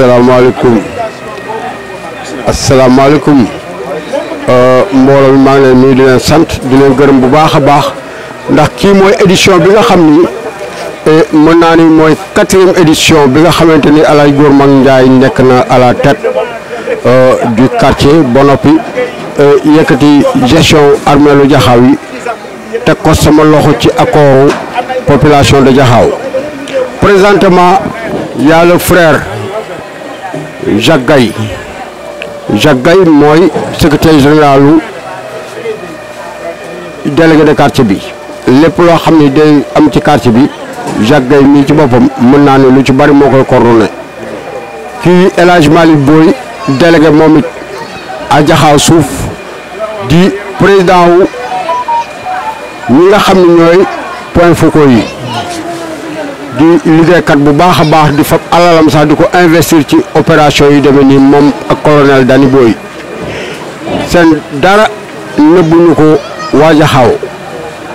asalaamaaleykum asalaamaaleykum euh, mbooloo mi maa ngi leen di leen sant di leen gërëm bu baax a baax ndax kii mooy édition bi nga xam ni e, mën naa ni mooy quatrième édition bi nga xamante ni El Hadj Gor Mack Ndiaye nekk na à la tête euh, du quartier ba noppi e, yëkkati gestion armeelu Jaxaaw yi teg ko sama loxo ci accordu population de Jaxaaw présentement y a Jacques Gaye mooy secrétaire général délégué de quartier bi lépp loo xam ni day am ci kàrt bi Jacques Gaye mii ci boppam mën naa ne lu ci bari moo koy coordonné kii El Hadj Malick Boy délégué moom it a Jaxaaw suuf di président wu ñi nga xam ni ñooy point focaux yi. di liggéeykat bu baax a baax di fab alalam sax di ko investir ci opération yi deme nii moom ak colonel Dany Boye seen dara nëbbuñu ko waaj a xaw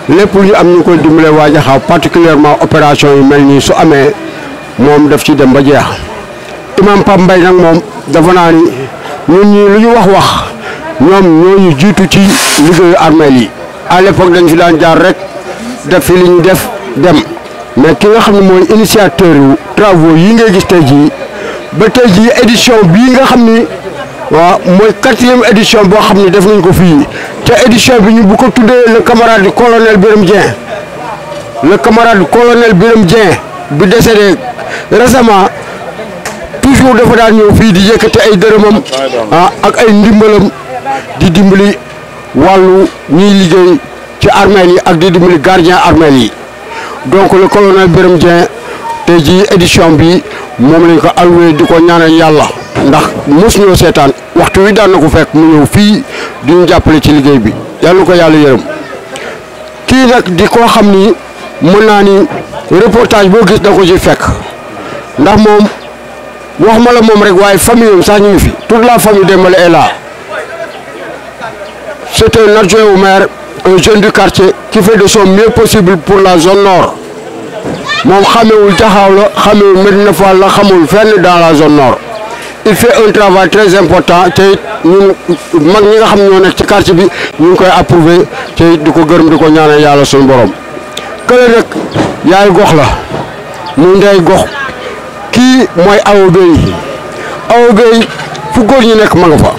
lépp lu am ñu koy dimbale waaj a xaw particulièrement opération yu mel nii su amee moom daf ci dem ba jeex imam Pape Mbaye nag moom dafa naa ni ñun ñii lu ñu wax wax ñoom ñu jiitu ci liggéeyu armeel yi à l'époque dañ fi daan jaar rek def fi li ñu def dem mais ki nga xam ne mooy initiateur yu travaux yi ngay gis tey jii ba tey jii édition bii nga xam ni waaw mooy quatrième édition boo xam ne def nañ ko fii te édition bi ñu bu ko tuddee le camarade colonel Birame Dieng le camarade colonel Birame Dieng bi décédé récemment toujours dafa daan ñëw fii di yëkkati ay dërëmam ah ak ay ndimbalam di dimbali wàllu ñuy liggéey ci armeel yi ak di dimbali gardien armeel yi. donc le colonel Birame Dieng tey jii édition bi moom lañ ko alloué di ko ñaanal yàlla ndax mos seetaan waxtu wi daan na ko fekk mu ñëw fii di ñu jàppale ci liggéey bi yàlla ko yàlla yërëm kii nag di koo xam ni mën naa ni reportage boo gis da ko ji fekk ndax moom wax ma la moom rek waaye famille am sax ñu ngi fi toute la famille Dembélé est la c'est un adjoint maire un jeune du quartier qui fait de son mieux possible pour la zone nord moom xamewul Jaxaaw la xamewul Medina Fall la xamul fenn dans la zone nord il fait un travail très important te ñun mag ñi nga xam ñoo nekk ci quartier bi ñu koy approuver te di ko gërëm di ko ñaanal yàlla suñu borom kële nag yaay gox la mu ndey gox kii mooy aw béy aw béy fu góor ñi nekk ma nga fa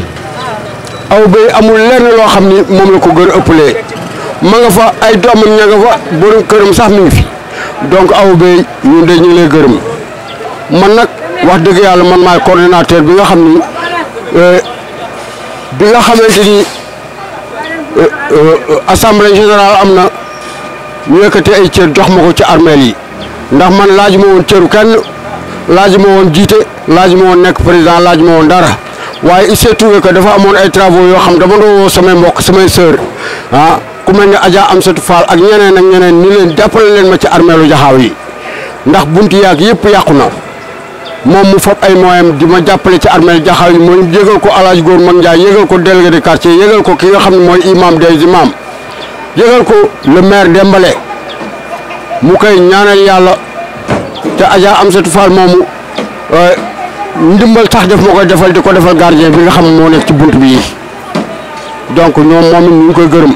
aw béy amul lenn loo xam ni moom la ko gën a ëppalee ma nga fa ay doomam ña nga fa borom këram sax mi ngi fi donc aw bey ñun de ñu gërëm man nag wax dëgg yàlla man maay koordinateer bi nga xam ni euh, bi nga xamante ni euh, euh, assemblée générale am na ñu yëkkati ay cër jox ma ko ci armeel yi ndax man laaj ma woon cëru kenn laaj moo woon jiite laaj ma woon nekk président laaj ma woon dara waaye il s'est trouvé dafa amoon ay travaux yoo xam dama doon woo samay mbokk samay sœur ah. ku mel ajaa am Amsatou Fall ak ñeneen ak ñeneen ñu leen jàppale leen ma ci armeelu jaxaaw yi ndax buntu yaag yëpp yàqu na moom mu fab ay moyens di ma jàppale ci armeelu jaxaaw yi mooy yëgal ko alaaj góor mag Ndiaye yëgal ko délégué de quartier yëgal ko ki nga xam ne mooy imam des imam yëgal ko le maire Dembale mu koy ñaanal yàlla te Adja Amsatou Fall moomu euh, ndimbal tax def ma koy defal di ko defal gardien bi nga xam moo nekk ci bunt bi donc ñoom koy gërëm.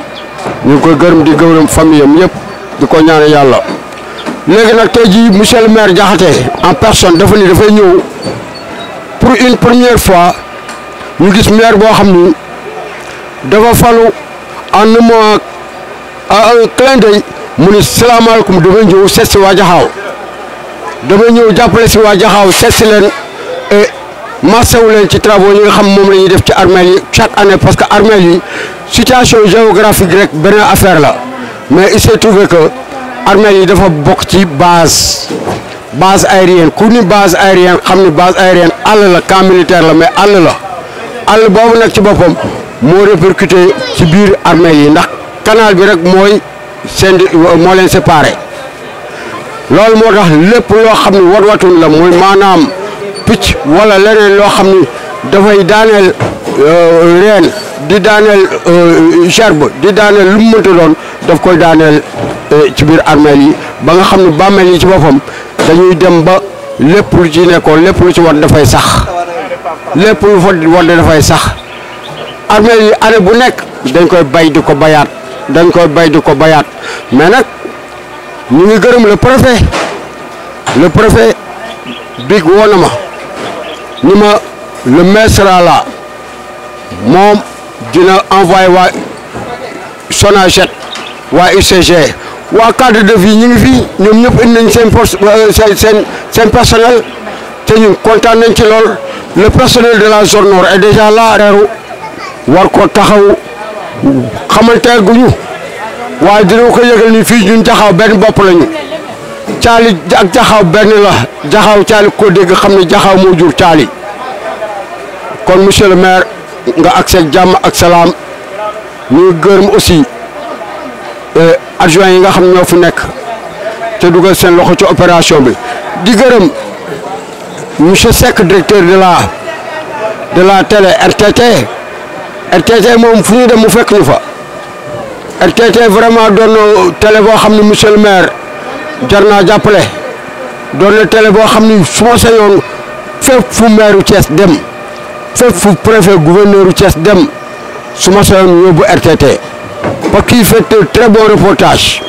ñu ngi koy gërëm di gërëm famille am di ko ñaan yàlla léegi nag tey jii monsieur le maire Diakhaté en personne dafa ni dafay ñëw pour une première fois ñu gis maire boo xam ni dafa falu en un mois mu ni salaamaaleykum dama ñëw seet si waa Jaxaaw dama ñëw jàppale si waa seet si leen masawu leen ci travaux yi nga xam moom la ñuy def ci armeel yi chaque année parce que armeel yi situation géographique rek beneen affaire la mais il s'est trouvé armeel yi dafa bokk ci base base aérienne ku ni base aérienne xam ni base aérienne àll la camp militaire la mais àll la àll boobu nag ci boppam moo répercuté ci biir armeel yi ndax canal bi rek mooy seen moo leen séparé loolu moo tax lépp loo xam ne wat watun la mooy maanaam. picc wala leneen loo xam ni dafay daaneel euh, reen di daaneel euh, gerbe di daaneel lu mu mënta doon daf koy daaneel euh, ci biir armeel yi ba nga xam ne bàmmeel yi ci boppam dañuy dem ba lépp lu ci nekkoon lépp lu ci war dafay sax lépp lu fa war dafay sax armeel yi année bu nekk dañ koy bay di ko bayaat dañ koy bay di ko bayaat mais nag ñu ngi gërëm le préfet le préfet big woon ni ma la maire sera moom dina envoyé waa Sonaged waa UCG waa cadre de vie ñu ngi fii ñoom ñëpp indi nañ seen euh, seen seen seen personnel te ñun kontaan nañ ci lool le personnel de la zone nord est déjà là reeru war ko taxaw xamanteeguñu waaye dina ko yëgal ni fii ñun jaxaw benn bopp lañu caali ak jaxaw benn la jaxaw caali ko dégg xam ne jaxaw moo jur caali kon monsieur le maire nga ak seen jàmm ak salaam ñu gërëm aussi eh, adjoint yi nga xam ñoo fu nekk te dugal seen loxo ci opération bi di gërëm monsieur Seck directeur de la de la télé RTT RTT moom fu ñu dem mu fekk ñu fa RTT vraiment doon télé boo xam ne monsieur le maire. jar naa jàppale doon na télé boo xam ni su ma sañoon fépp fu meeru Thiès dem fépp fu préfet gouverneur u Thiès dem su ma sañoon yóbbu RTT parce qu'il fait bon reportage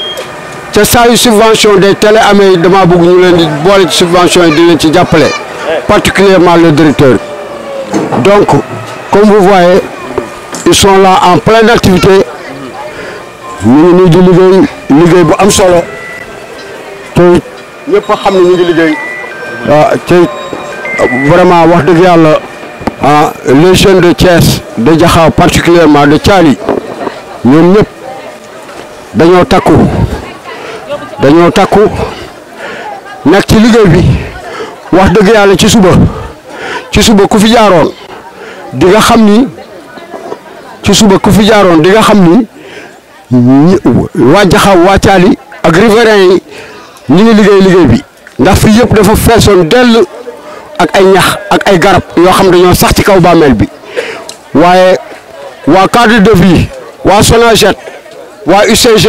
te saa subvention des télé amee dama bëgg ñu leen di boole ci subvention yi di leen ci jàppale particulièrement le directeur donc comme vous voyez ils sont en pleine activité ñu ngi nii di liggéey liggéey bu am solo te ñëpp xam ne ñu ngi liggéey. Ah, wax dëgg yàlla ah les jeunes de Thiès de Diakha particulièrement de Thiali ñoom ñëpp dañoo takku dañoo takku nekk ci liggéey bi wax dëgg yàlla ci suba ci suba ku fi jaaroon di nga xam ni ci suba ku fi jaaroon di nga xam ni waa Diakha waa Thiali ak riverains ñu ngi liggéey liggéey bi ndax fii yëpp dafa feesoon dell ak ay ñax ak ay garab yoo xam dañoo sax ci kaw bàmmeel bi waaye waa cadre de vie waa Sonaget waa UCG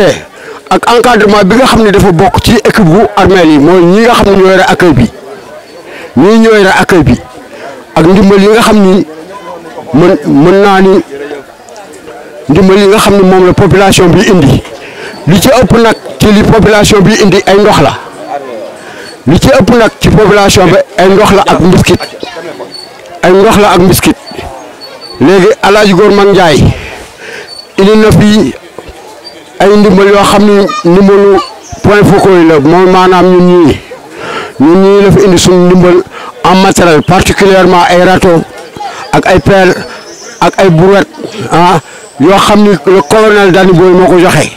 ak encadrement bi nga xam ne dafa bokk ci équipe bu armeel yi mooy ñi nga xam ne ñoo yore accueil bi ñii ñoo yore accueil bi ak ndimbal yi nga xam ni mën mën naa ni ndimbal yi nga xam ne moom la population bi indi. li ci ëpp nag ci population bi indi ay ndox la li ci ëpp nag ci population bi ay ndox la ak mbiskit ay ndox la ak mbiskit léegi alaaji góor man njaay indi na fii ay ndimbal yoo xam ni ndimbalu point focaux yi la moom maanaam ñun ñii ñun ñii la fi indi suñu ndimbal en matériel particulièrement ay râteau ak ay pelle ak ay brouette ah, yoo xam ni le colonel Dani Boy moo ko joxe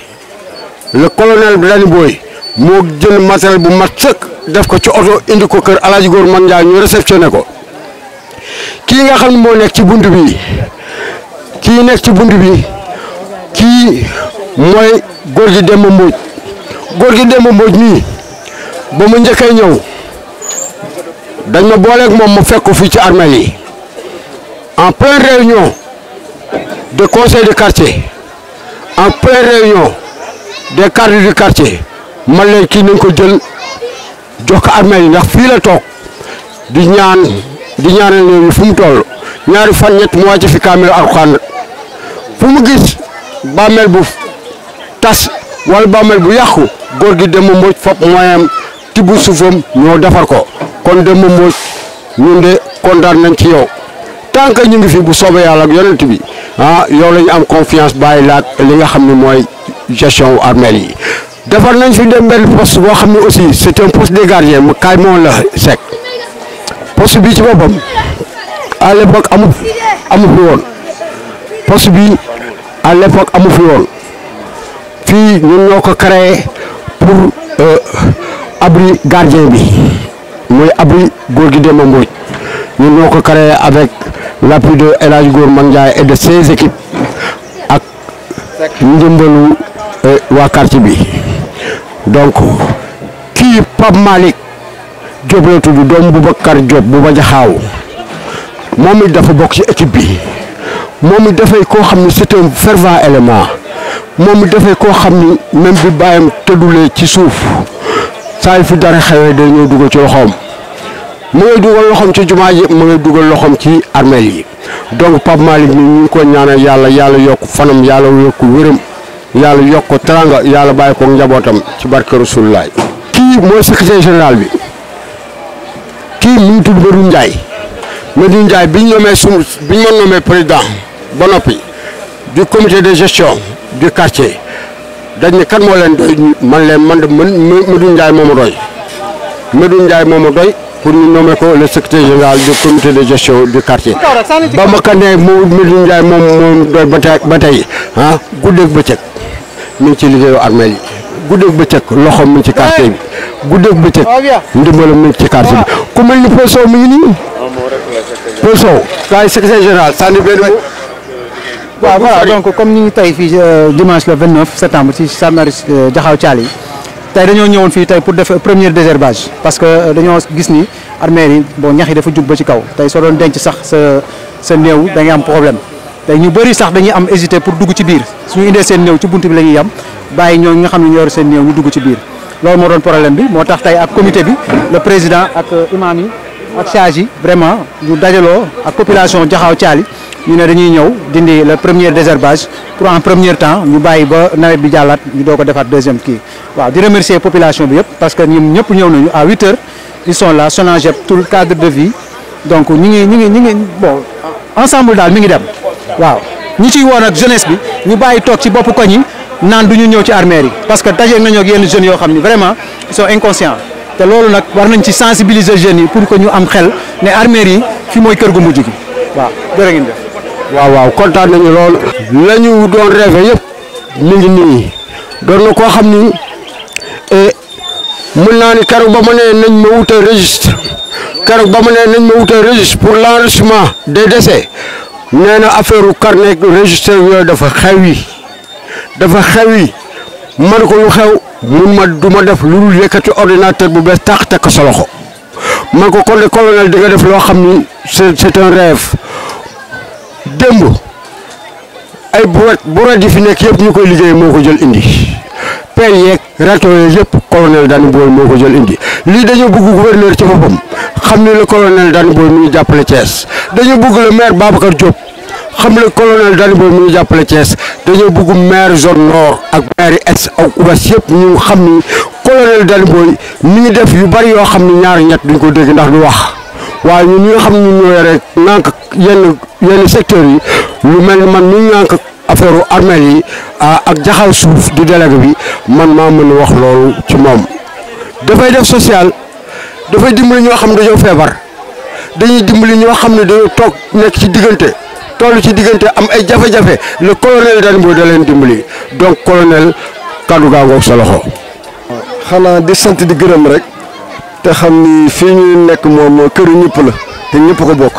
le colonel Dany Boye moo jël matériel bu mat sëkk def ko ci oto indi ko kër Alaaji Góor Man Njaay ñu réceptionné ko kii nga xam ne moo nekk ci bunt bi kii nekk ci bunt bi kii mooy góor gi Demba Mbóoj góor gi Demba Mbóoj nii ba mu njëkkee ñëw dañ ma booleek moom mu fekk fii ci armée yi en pleine réunion de conseil de quartier en pleine réunion de cadres du quartier man leen kii nañ ko jël jox ko armée yi ndax fii la toog di ñaan di ñaanal ñooñu fu mu toll ñaari fan ñett mu wàcc fi kaamil Alxuraan fu mu gis bàmmeel bu tas wala bàmmeel bu yàqu góor gi dem Demba Mbodj fop moyen tibb suufam ñoo defar ko kon dem Demba Mbodj ñun de kontaan nañ ci yow tant ñu ngi fi bu soobee yàlla ak yonent bi ah, yow la ñu am confiance bàyyi laag li nga xam ne mooy. gestion wu armeel yi defar nañ fi dem benn poste boo xam ne aussi c' est un poste des gardiens mu kaay moom la sec poste bi ci boppam à l' amu fi woon poste bi à l' amu fi woon fii ñun ñoo ko créé pour euh, abri gardien bi mooy abri góor gi Demba Mbodj ñun ñoo ko créé avec l' appui de El Hadj et de ses équipes ak njëmbalu. Eh, waa quartier bi donc kii Pape Malick Diop la tudd doom Boubacar Diop Bouba Jaxaaw moom mi dafa bokk ci équipe bi moom it dafay koo xam ne c'est un fervent moom it dafay koo xam ni même bi bàyyam tëddulee ci suuf saa yu fi dara xewee day ñëw dugal ci loxoom mu ngay dugal loxoom ci jumaa ji mu ngay dugal loxoom ci armeel yi donc Pape Malick ñu ngi ko ñaanal yàlla yàlla yokk fanam yàlla yokk wërëm. yàlla yokk ko teranga yàlla bàyyi ko njabootam ci barke Rasulullaay kii mooy secrétaire général bi kii mu ngi tudd Madou Ndiaye Madou Ndiaye bi ñu nommee bi ñu ma président ba noppi du comité de gestion du quartier dañ ne kan moo leen doy man leen man de man Madou Ndiaye moo ma doy Madou Ndiaye moo ma pour ñu nommer ko le secrétaire général du comité de gestion du quartier ba ma ka ne Madou Ndiaye moom moom doy ba tey ba tey ah guddeeg bëccëg mu ngi ci liggéeyu armeel yi guddeeg bëccëg loxoom mu ngi ci quartier bi guddeeg bëccëg ndimbalam mi ngi ci quartier bi ku mel ni Paul Sow mi ngi nii Paul Sow kaay secrétaire général sànni benn waaw donc comme ñu tey fii euh, dimanche le 29 septembre ci Samaris Jaxaw euh, Thial yi tey dañoo ñëwoon fii tey pour def première désherbage parce que euh, dañoo gis ni armeel yi boo ñax yi dafa jub ba ci kaw tey soo doon denc sax sa sa néew da am problème tey ñu bëri sax dañuy am hésité pour dugg ci biir suñu indee seen néew ci bunt bi la ñuy yam bàyyi ñoo nga xam ne ñoo yor seen néew ñu dugg ci biir loolu moo doon problème bi moo tax tey ak comité bi le président ak euh, imam yi ak charge yi vraiment ñu dajaloo ak population jaxaw caali ñu ne dañuy ñëw dindi le premier désherbage pour en premier temps ñu bàyyi ba nawet bi jàllaat ñu doo ko defaat deuxième kii waaw di remercier population bi yëpp parce que ñun ñëpp ñëw nañu à huit heures ils sont le cadre de vie donc ñu ngi ñu ngi ñu ngi bon ensemble daal mi ngi dem waaw ñi ci woon ak jeunesse bi ñu bàyyi toog ci bopp ko ñi naan du ñu ñëw ci armères yi parce que dajeeg nañoo ak yenn jeunes yoo xam ni vraiment ils sont inconscients te loolu nag war nañ ci sensibiliser jeunes yi pour que ñu am xel ne armères yi fi mooy kër gu mujj gi waaw jërë ngeen def. waaw waaw kontaan nañu lool. la ñu doon rêvé yëpp mi ngi nii doon na koo xam ni eh, mën naa ni keroog ba mu nee nañ ma wutal registre keroog ba mu nee nañ ma wutal registre pour l' enrichissement des décès. nee na affaire carnet registre yooyu dafa xew yi dafa xew yi man ko lu xew mun ma du def lu dul yëkkati ordinateur bu bees tax takk sa loxo man ko kon de colonel def loo xam ni c'est un rêve démb ay buret buret yi fi nekk yëpp ñu koy liggéey moo ko jël indi peel yeeg rato yeeg yëpp colonel Dany Boye moo ko jël indi lii dañoo bëgg gouverneur ci boppam xam ni le colonel Dany Boye mu ngi jàppale Thiès dañu bugg le maire Babacar Diop. xam ne colonel Danibo mu ngi jàppale cees dañoo bëgg maire zone nord ak maire est ak ouest yëpp ñu xam ni colonel Danibo mu ngi def yu bari yoo xam ne ñaari ñett duñ ko dégg ndax du wax waaye ñun ñi nga xam ne ñun ñoo yore nànk yenn yenn secteurs yi lu mel ni man ñu nànk affaire armel yi ak jaxaw suuf di délégué bi man maa mën a wax loolu ci moom dafay def social dafay dimbali ñoo xam ne dañoo feebar dañuy dimbali ñoo xam ne dañoo toog nekk ci diggante toll ci diggante am ay jafe-jafe le colonel Dany Mbodj da leen dimbali donc colonel kaddu gaa ngoog sa loxo. xanaa di sant di gërëm rek te xam ni fii ñuy nekk moom kër ñëpp la ñëpp ko bokk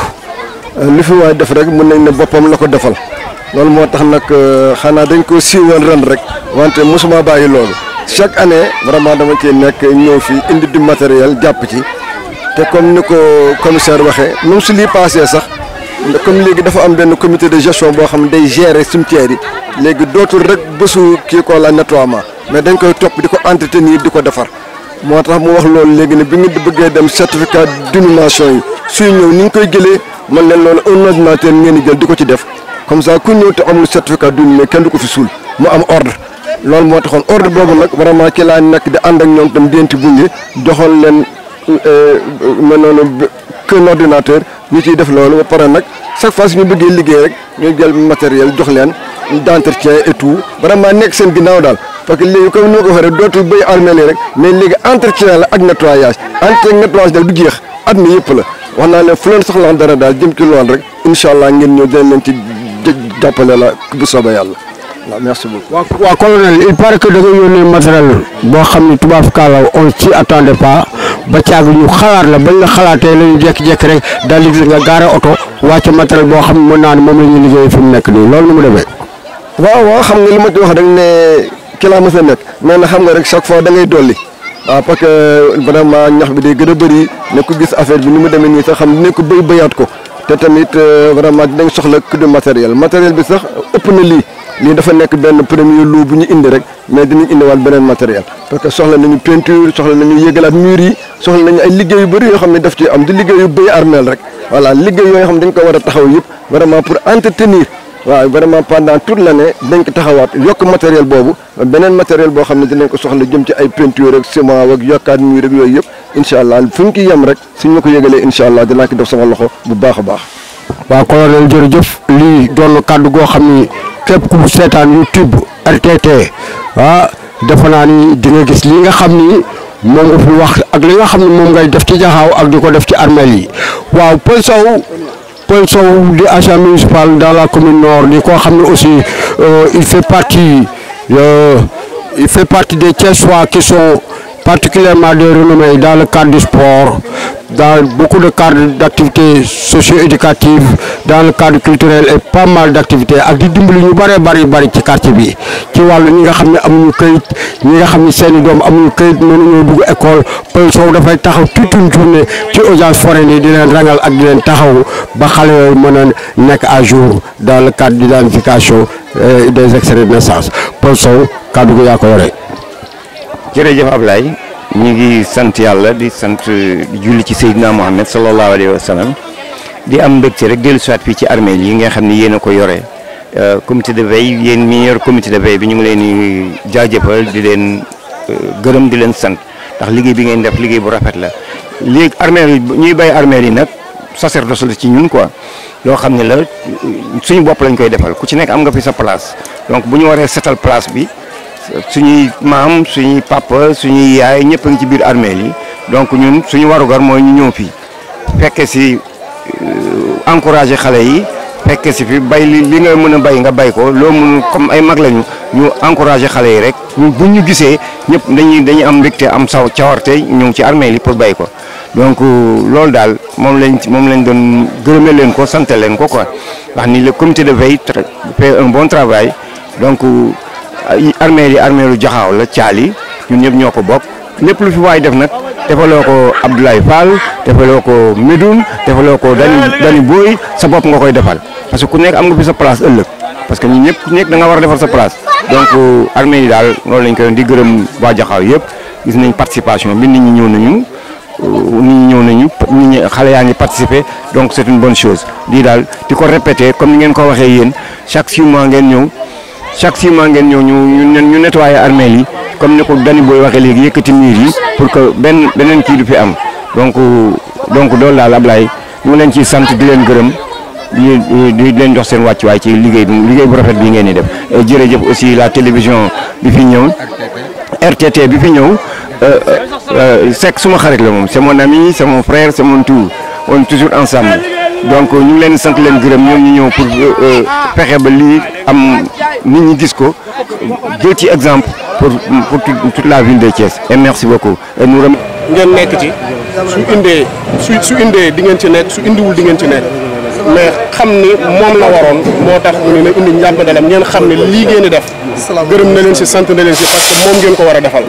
li fi waay def rek mën nañ ne boppam la ko defal loolu moo tax nag xanaa dañ ko siiwal ren rek wante mosuma bàyyi loolu chaque année vraiment dama cee nekk ñëw fii indi di matériel jàpp ci te comme ni ko commissaire waxee même si lii paasee sax. ndax comme léegi dafa am benn comité de gestion boo xam day gérer cimetière yi léegi dootul rek bésu kii ko la nettoiement mais dañ koy topp di ko entretenir di ko defar moo tax mu wax loolu léegi ne bi nga bëggee dem certificat d'inhumation yi suy ñëw ni nga koy jëlee man leen loolu un ordinateur ngeen jël di ko ci def comme ça ku ñëw te amul certificat d'inhumation kenn du ko fi suul mu am ordre. loolu moo taxoon ordre boobu nag vraiment ci laa nekk di ànd ak ñoom tam dénti bunge joxoon leen euh, euh, ma noonu qu'un ordinateur ñu ciy def loolu ba pare nag chaque fois su ñu bëggee liggéey rek ñu jël matériel jox leen d'entretien et tout vraiment nekk seen ginnaaw daal parce que léegi comme ni ma ko waxee rek dootul béy rek mais léegi entretien la ak nettoyage entretien nettoyage daal du jeex at mi yëpp la wax naa ne fu leen soxla dara daal jëm ci loolu rek incha ngeen ñëw dinañ leen ci jàppale la bu soobee yàlla waaw merci il paraît que da nga matériel boo xam ba caag ñu xalaat la bañ la xalaatee la ñu jékki-jékki rek daal di nga gaare oto wàcc matériel boo xam ne mën naa ne moom la ñuy liggéey fi mu nekk nii loolu nu mu demee. waaw waaw xam nga li ma ci wax rek ne ki laa mos a nekk mais na xam nga rek chaque fois da ngay dolli waaw parce que vraiment ñax bi day gën a bëri ne ku gis affaire bi nu mu demee nii sax xam ne ko béy béyaat ko te tamit euh, vraiment dañ soxla ku du matériel matériel bi sax ëpp na lii. lii dafa nekk benn premier lot bu ñu indi rek mais dinañ indiwaat beneen matériel parce que soxla nañu peinture soxla nañu yëgalaat mur yi soxla nañu ay liggéey yu bëri yoo xam ne daf ci am di liggéey yu béy armeel rek voilà liggéey yoo xam dañ ko war a taxaw yëpp vraiment pour entretenir waaw vraiment pendant toute l'année dañ ko taxawaat yokk matériel boobu beneen matériel boo xam ne dinañ ko soxla jëm ci ay peinture ak ciment ak yokkaat mur ak yooyu yëpp incha allah fu ñu ko yem rek suñ ma ko yëgalee incha allah dinaa ko sama loxo bu baax a baax waaw colonel jërëjëf lii doon kàddu goo xam ni képp ku seetaan YouTube RTT ah defe naa ni di nga gis lii nga xam ni moom nga fi wax ak li nga xam ni moom ngay def ci jaxaaw ak di ko def ci armeel yi waaw Paul Sow Paul Sow di agent municipal dans la commune nord di koo xam ne aussi euh, il fait partie euh, il fait partie des Thiessois qui sont particulièrement des renommées dans le cadre du sport, dans beaucoup de cadres d'activités socio-éducatives, dans le cadre culturel et pas mal d'activités ak di dimbali ñu bare bari bari ci quartier bi ci wàllu ñi nga xam ne amuñu këyit ñi nga xam ni seeni doom amuñu këyit mënuñoo dugg école Pay Sow dafay taxaw toute une journée ci audience foraine yi di leen rangal ak di leen taxaw ba xale mën a nekk à jour dans le cadre d'identification euh, des extraits de naissance Pay Sow kàddu gi yaa ko yore jërëjëf Ablaye ñu ngi sant yàlla di sant julli ci Seydina Mohamed sallallahu alayhi wa sallam di am mbégte rek dellu soit fii ci armée yi nga xam ni yéen a ko yore euh, comité de veille yéen ñi yor comité de veille bi ñu ngi leen di jaajëfal di leen euh, gërëm di leen sant ndax liggéey bi ngeen def liggéey bu rafet la léegi armée ñuy bàyyi armée yi nag sacerdoce la ci ñun quoi loo xam ne la suñu bopp lañ koy defal ku ci nekk am nga fi sa place suñuy maam suñuy papa suñuy yaay ñëpp a ngi ci biir armeel yi donc ñun suñu warugar mooy ñu ñëw fii fekke si euh, encouragé xale yi fekke si fi bay li li nga mën a bay nga bay ko loo mun comme ay mag lañu ñu encouragé xale yi rek ñu buñ ñu gisee ñëpp dañuy dañuy am mbégte am saw cawarte ñëw ci armeel yi pour bay ko donc euh, loolu daal moom lañ moom lañ doon gërëme leen ko sante leen ko quoi wax ni le comité de veille fait un bon travail donc euh, armée yi armée lu jaxaaw la caali ñun ñëpp ñoo ko bokk lépp lu fi waay def nag defaloo ko Abdoulaye Fall defaloo ko Médoune defaloo ko dani dani booy sa bopp nga koy defal parce que ku nekk am nga fi sa place ëllëg parce que ñun ñëpp ku nekk nga war a defal sa place donc armée yi daal loolu lañ koy doon di gërëm waa jaxaaw yëpp gis nañ participation bi nit ñi ñëw nañu nit ñi ñëw nañu nit ñi xale yaa ngi participer donc c'est une bonne chose di daal di ko répéter comme ni ngeen ko waxee yéen chaque six mois ngeen ñëw. chaque si mois ngeen ñëw ñu ñu ñu nettoyer armeel yi comme ni ko dani booy waxee léegi yëkkati miir yi pour que benn beneen kii du fi am donc donc loolu daal Ablaye ñu leen ci sant di leen gërëm di di leen jox seen wàccuwaay ci liggéey bi liggéey bu rafet bi ngeen di def euh, jërëjëf aussi la télévision bi fi ñëw RTT bi fi ñëw euh, euh, Seck suma xarit la moom c'est mon ami c'est mon semon c'est mon tout on toujours ensemble donc ñu ngi leen sant leen gërëm ñoom ñu ñëw pour pexe euh, ba lii am nit ñi gis ko jël ci exemple pour pour toute la ville de Thiès. et merci beaucoup. ngeen nekk ci su indee su su indee di ngeen ci nekk su indiwul di ngeen ci nekk. mais xam ni moom la waroon moo tax ñu ne indi njàmp dalam ngeen xam ne lii ngeen def gërëm na leen si sant na leen si parce que moom ngeen ko war a defal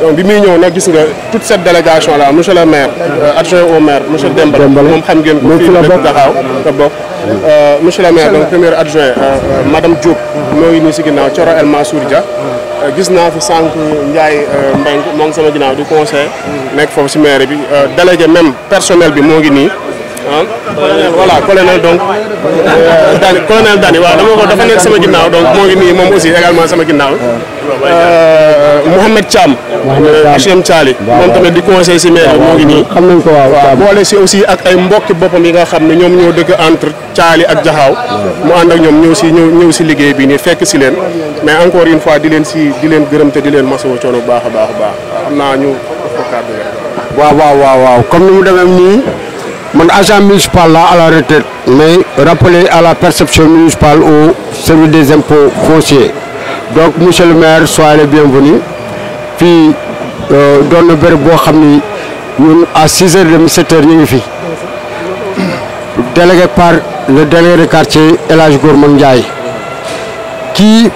donc bi muy ñëw nag gis nga toute cette délégation là monsieur le maire euh, adjoint au maire monsieur Dembal moom xam ngeen ko fii dëkk Daxaaw nga bokk euh, monsieur le maire donc premier adjoint euh, madame Diop moo ngi nii si ginnaaw Thioro El Mansour Dia gis naa fi sànq Ndiaye Mbengue moo ngi sama ginnaaw du conseil mm. nekk foofu si maire bi délégué même personnel bi moo ngi nii voilà colonel donc euh, Dani colonel Dani waaw dama ko dafa nekk sama ginnaaw donc moo ngi nii moom aussi également sama ginnaaw. Euh, Mouhamed Thiam. Hachem Thiali moom tamit di conseil si maire moo ngi nii. xam nañ ko waaw boole si aussi ak ay mbokki boppam yi nga xam ne ñoom ñoo dëkk entre Thiali ak Jaxaaw mu ànd ak ñoom ñëw si ñëw ñëw si liggéey bi nii fekk si leen mais encore une fois di leen si di leen gërëmte te di leen masoo coono bu baax a baax a baax xam naa ñu def ko kàddu waaw waaw waaw comme ni mu demee nii. mon agent municipal la à la retraite, mais rappelé à la perception municipale au service des impôts fonciers. Donc, monsieur le maire, soyez les bienvenus. Puis, dans le verre nous à 6h de ñu ngi nous Délégué par le délégué de quartier Elage Gourmand qui, kii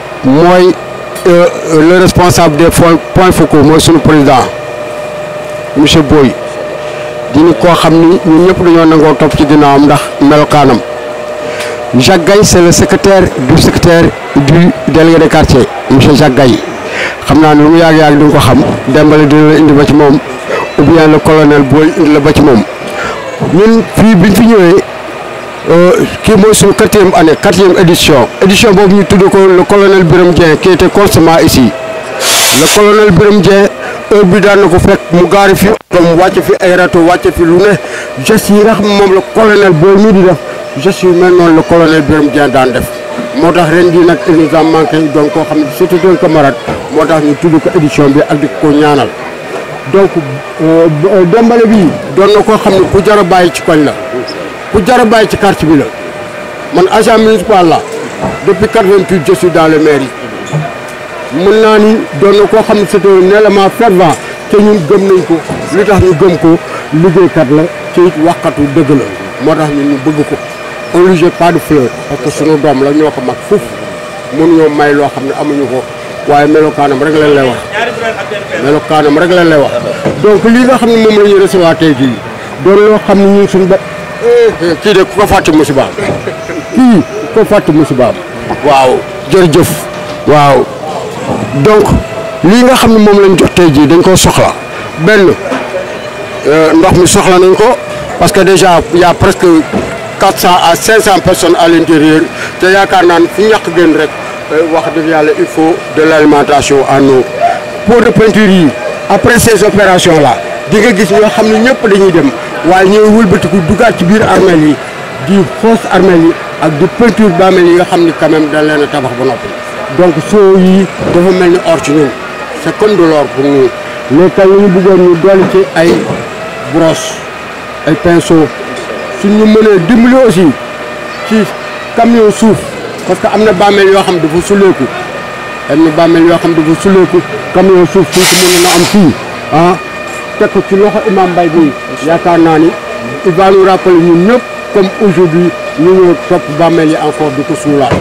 euh, le responsable des point focaux, mooy sunu le président, monsieur Boy. di koo xam ni ñun ñëpp dañoo nangoo topp ci am ndax melokaanam Jacques Gaye c'est le secrétaire du secrétaire du délégué de quartier monsieur Jacques Gaye xam naa ne lu mu yàgg yàgg di ko xam dembale dina la indi ba ci moom ou bien le colonel booy indi la ba ci moom ñun fii biñ fi ñëwee euh, kii mooy suñu quatrième année quatrième édition édition boobu ñu tudd ko le colonel Birame Dieng qui était constamment ici le colonel Birame Dieng heure bi daan na ko fekk mu gaari fi otom wàcc fi ay rato wàcc fi lu ne geste yi moom la colonel booy mu di def geste yu mel noonu la colonel Birame Dieng daan def moo tax ren jii nag émission manqué doon koo xam ne surtout doon camarade moo tax ñu tudd ko édition bi ak di ko ñaanal donc euh, dembale bi doon na koo xam ne ku jar a bàyyi ci koñ la ku jar a ci quartier bi la man agent municipal la depuis 88 je suis dans le mairie mën naa ni doon na koo xam ne c'est un élément fervent te ñun gëm nañ ko li tax ñu gëm ko liggéeykat la ci it waxkatu dëgg la moo tax ñun ñu bëgg ko on lui jette pas de fleur parce que doom la ñoo ko mag fuuf mënuñoo may loo xam ne amuñu ko waaye melokaanam rek lañ lay wax melokaanam rek lañ lay wax donc lii nga xam ne moom la ñuy recevoir tey jii doon loo xam ne ñun suñu ba kii de ku ko fàtte musibaam kii ko fàtte musibaam waaw jërëjëf waaw donc lii nga xam ne moom lañ jot tey jii dañ koo soxla benn euh, ndox mi soxla nañ ko parce que déjà yaa presque quatre cent à cinq cent personnes à l'intérieur te yaakaar naa ne fu ñàkk gën rek euh, wax dëgg yàlla il faut de l'alimentation en eau pot de peinture yi après ces opérations là di nga gis ñoo xam ne ñëpp dañuy dem waaye ñooy wëlbatiku dugaat ci biir armeel yi di xoos armeel yi ak di peinture bàmmeel yi nga xam ni quand même leen a tabax ba noppi donc soo yi dafa mel ni or ci ñun c' est comme de l'or pour nous mais ci ay brosse ay pinceau suñ ñu mënee dimbali aussi ci camion suuf parce que am na bàmmeel yoo xam dafa suleeku am na bàmmeel yoo xam dafa suleeku camion suuf suñ ko na am fii ah te ko ci loxo imam Mbaye bi yaakaar naa ni il va nous rappeler ñun ñëpp comme aujourd'hui ñu ñëw topp bàmmeel yi encore di ko suulaat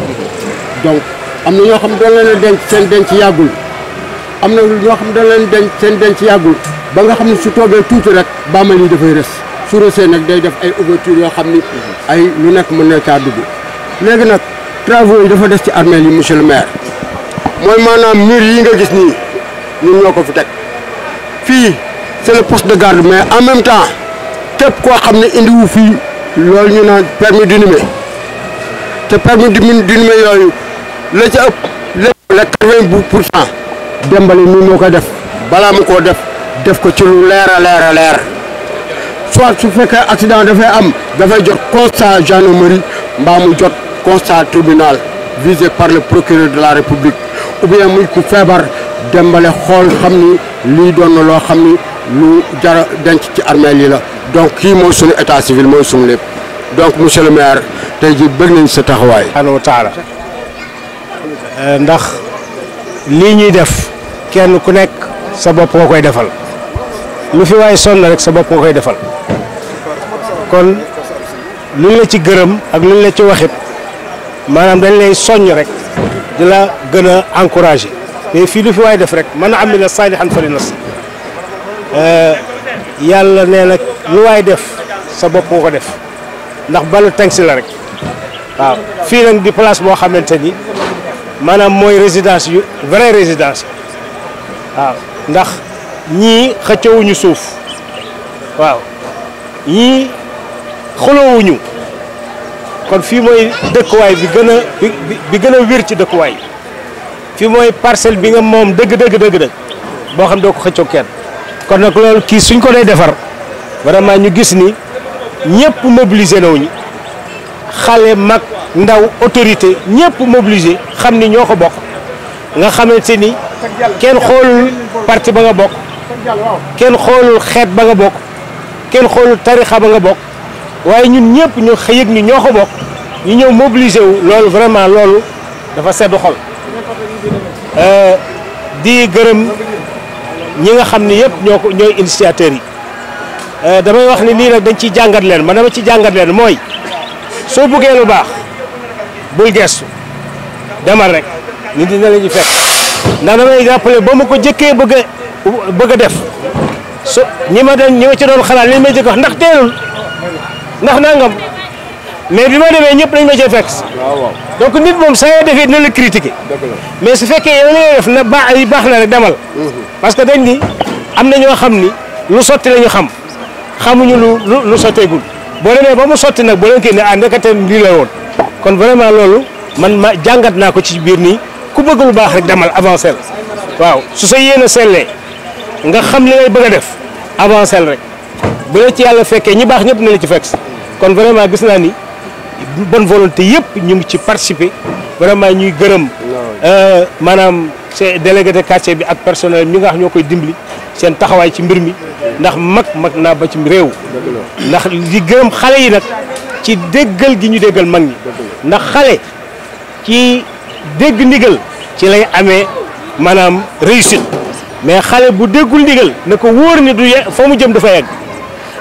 am na ñoo xam dañ leen denc seen denc yàggul am na ñoo xam dañ leen denc seen denc yàggul ba nga xam ne su toogee tuuti rek bàmmeel yi dafay res su resee nag day def ay ouverture yoo xam ni ay lu nekk mu nekk caa dugg léegi nag travaux yi dafa des ci armeel yi monsieur le maire mooy maanaam mur yi nga gis nii ñun ñoo ko fi teg fii c'est le poste de garde mais en même temps képp koo xam ne indiwu fii loolu ñu naan permis d'inhumer te permis d'inhumer yooyu la ca ëpp lépp la quatre pour cent dembali mi moo ko def balaa mu koo def def ko ci lu leer a leer a leer soit su fekkee accident dafay am dafay jot constat gendarmerie mbaa mbaamu jot constat tribunal visé par le procureur de la république ou bien muy ku feebar dembale xool xam ni lii doon na loo xam ni lu jara denc ci armée yi la donc kii mooy sunu état civil mooy sunu lépp donc monsieur le maire tey ji bëgg nañ sa taxawaay. Euh, ndax lii ñuy def kenn ku nekk sa bopp nga koy defal lu fi waaye sonn rek sa bopp nga koy defal kon luñ la ci gërëm ak luñ la ci waxit maanaam dañ lay soññ rek di la gën a encouragé mais fii lu fi waaye def rek man a amila saalihan fa li nas euh, yàlla nee na lu waay def sa bopp nga ko def ndax balu teng si la rek waaw fii nag di place boo xamante ni maanaam mooy résidence yu vraie résidence waaw ndax ñii xëccewuñu suuf waaw ñii xoloowuñu kon fii mooy dëkkuwaay bi gën a bi gën a wér ci dëkkuwaay fii mooy parcelle bi nga moom dëgg dëgg dëgg dëgg boo xam doo ko xëccoo kenn kon nag loolu kii suñ ko dee defar vraiment ñu gis ni ñëpp mobilisé nawuñu xale mag ndaw autorité ñëpp mobilisé xam ni ñoo ko bokk nga si ni kenn xoolul parti ba nga bokk kenn xoolul xeet ba nga bokk kenn xoolul tarixa ba nga bokk waaye ñun ñëpp ñu yëg ni ñoo ko bokk ñu ñëw mobilisé wu loolu vraiment loolu dafa sedd xol euh, di gërëm ñi nga xam ni yëpp ñoo ko ñooy initiateurs yi euh, damay wax ni nii nag dañ ciy jàngat leen man dama ci jàngat leen mooy soo buggee lu baax bul gestu demal rek nit dina la ñu fekk ndax damay rappelé ba ma ko jëkkee bëgg bëgg def su ñi ma doon ñi ma ci doon xalaat li ma jëkk wax ndax teelul ndax nangam mais bi ma demee ñëpp dañ ma cee fekk donc nit moom saa yoo defee dina la critiquer mais su fekkee yow la def na baax yi baax na rek demal mhm. parce que dañ ni am na ñoo xam ni lu sotti la xam xamuñu lu lu sotteegul boo demee ba mu sotti nag boo leen kii ne ah ndekete lii la woon kon vraiment loolu man ma jàngat naa ko ci biir nii ku bëgg lu baax rek demal avancé waaw su sa yéene sellee nga xam li ngay bëgg def avancé rek bu la ci yàlla fekkee ñi baax ñëpp ne la ci fekk kon vraiment gis naa ni bonne volonté yëpp ñu ngi ci participer vraiment ñuy gërëm ah euh, maanaam c'est délégué de quartier bi ak personnel ñi nga xam ñoo koy dimbili seen taxawaay ci mbir mi ndax mag mag naa ba ci réew ndax li gërëm xale yi nag ci déggal gi ñu déggal mag ñi ndax xale ci dégg ndigal ci lay amee maanaam réussite mais xale bu déggul ndigal na ko wóor ni du ye foo mu jëm dafa yegg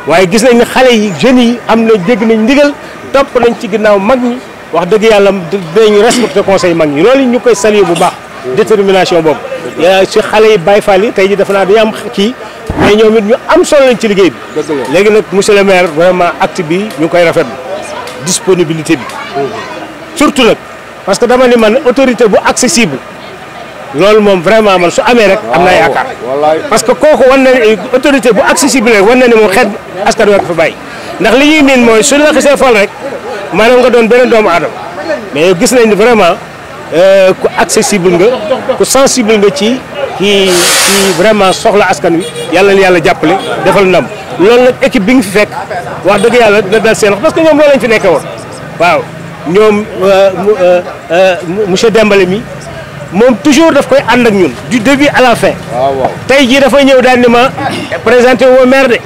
waaye gis nañ ne xale yi jeunes yi am na dégg nañ ndigal topp nañ ci ginnaaw mag ñi wax dëgg yàlla dinañ respecté conseil mag ñi loolu ñu koy saluer bu baax détermination boobu si xale yi baay Fall yi tey ji dafa naa dañu am kii mais ñoom it ñu am solo lañ ci liggéey bi léegi nag monsieur le maire vraiment acte bi ñu koy rafetlu disponibilité bi. surtout nag parce que dama ni man autorité bu accessible loolu moom vraiment man su amee rek. am naa yaakaar parce que kooku wan na autorité bu accessible rek wan na ni moom xeet askan wi ko fa bàyyi. ndax li ñuy miin mooy suñu la xasee fal rek maanaam nga doon beneen doomu aadama mais yow gis nañ ni vraiment euh, ku accessible nga ku sensible nga ci ci ci vraiment soxla askan wi yàlla na yàlla jàppale defal ndam. loolu nag équipe bi nga fi fekk wax dëgg yàlla dina dal seen wax parce que ñoom loolu lañ fi nekkee woon waaw ñoom euh, euh, euh, monsieur dembale mi moom toujours daf koy ànd ak ñun du début à la fin. waaw tey jii dafay ñëw daal ni ma présenté woo maire de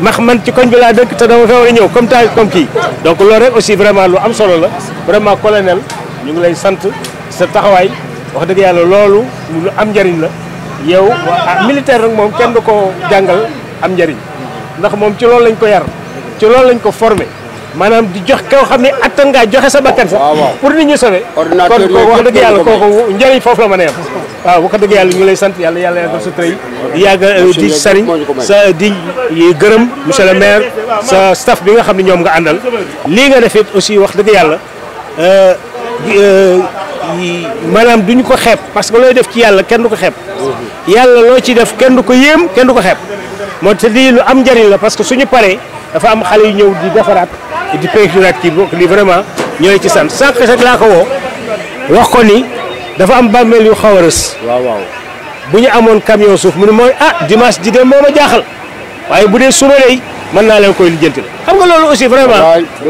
max man ci koñ bi laa dëkk te dama fee a ñëw comme ta comme kii donc loolu rek aussi vraiment lu am solo la vraiment colonel ñu ngi lay sant sa taxawaay wax dëgg yàlla loolu lu am njëriñ la yow ah militaire rek moom kenn du ko jàngal am njëriñ. ndax moom ci loolu lañ ko yar ci loolu lañ ko formé maanaam di jox kaw xam ne attan ngaa joxe sa bakkan sax pour nit ñu sauver kon kooku wax dëgg yàlla kooku njëriñ foofu la mën a yem waaw wax dëgg yàlla ñu lay sant yàlla yàlla yàggal sa tëy yàgg euh, di sariñ sa di gërëm monsieur le maire sa staff bi nga xam ne ñoom nga àndal lii nga defit aussi wax dëgg yàlla euh, euh, maanaam duñu ko xeeb parce que looy def ci yàlla kenn du ko xeeb mm-hmm. yàlla loo ci def kenn du ko yéem kenn du ko xeeb moo te lii lu am njariñ la parce que suñu paree dafa am xale yu ñëw di defaraat di peinturaat kii bokk li vraiment ñooy ci sant sànq rek laa ko woo wax ko ni dafa am bàmmeel yu xaw a rës waaw waaw bu ñu amoon camion suuf mu ne mooy ah dimanche di de moo ma jaaxal waaye bu dee suba lay mën naa leen koy lijjanti la xam nga loolu aussi vraiment